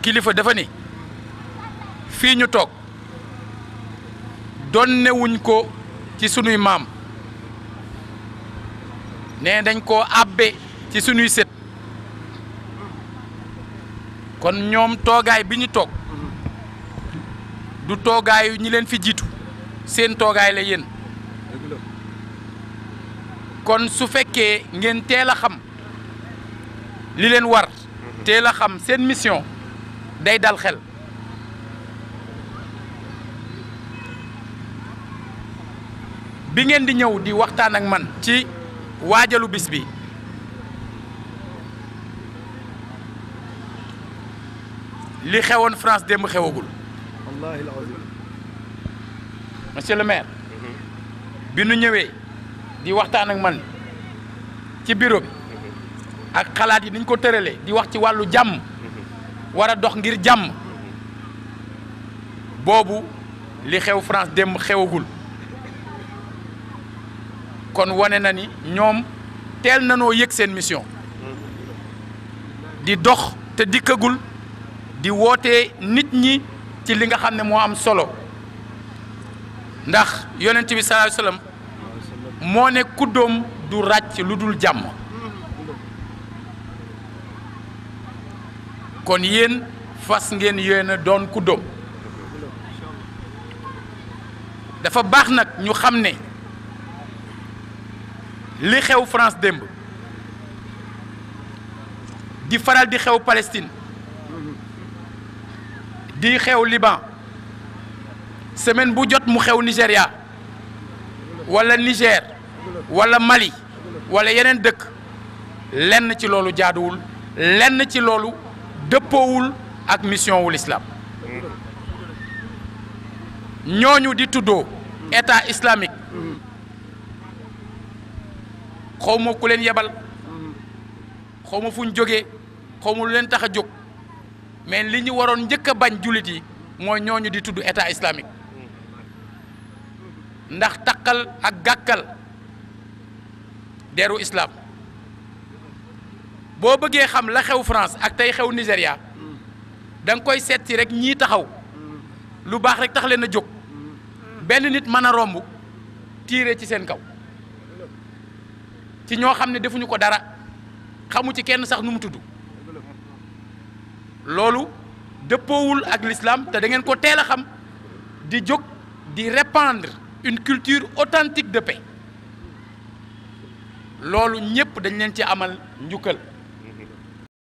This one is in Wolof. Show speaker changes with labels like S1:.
S1: kilifa dafa ni fii ñu toog donnewuñ ko ci sunuy maam ne dañ koo àbbe ci sunuy set kon ñoom toogaay bi ñu toog du toogaayu ñi leen fi jiitu seen toogaay la yéen kon su fekkee ngeen teel a xam li leen war teel a xam seen mission day dal xel bi ngeen di ñëw di waxtaan ak man ci waajalu bis bi li xewoon France démb xewagul wallahi le maire mhm. bi nu ñëwee di waxtaan ak man ci bureau bi mhm. ak xalaat yi niñ ko tëralee di wax ci wàllu jàmm war a dox ngir jàmm boobu li xew France dem xewagul kon wane na ni ñoom teel nanoo yëg seen mission di dox te dikkagul di woote nit ñi ci li nga xam ne moo am solo ndax yonent bi sallallahu alayhi wasallam moo ne kuddoom du ràcc lu dul jàmm kon yéen fas ngeen yéen a doon ku dóom dafa baax nag ñu xam ne li xew France démb di faral di xew Palestine di xew Liban semaine bu jot mu xew Nigéria wala Niger wala Mali wala yeneen dëkk lenn ci loolu jaaduwul lenn ci loolu dëppoowul ak mission wu l'islam ñooñu di tuddoo état islamique xaw ma ku leen yebal xaw ma fu ñu jógee xaw ma lu leen tax a jóg mais li ñu waroon njëkk a bañ jullit yi mooy ñooñu di tudd état islamique ndax taqal ak gàkkal deru islaam boo bëggee xam la xew France ak tey xew Nigéria da nga koy seet rek ñii taxaw lu baax rek tax leen a jóg benn nit mën a romb tiire ci seen kaw ci ñoo xam ne defuñu ko dara xamu ci kenn sax nu mu tudd loolu dëppoowul ak l'islam te da ngeen ko teel a xam di jóg di répandre une culture authentique de paix loolu ñëpp dañ leen ci amal njukkal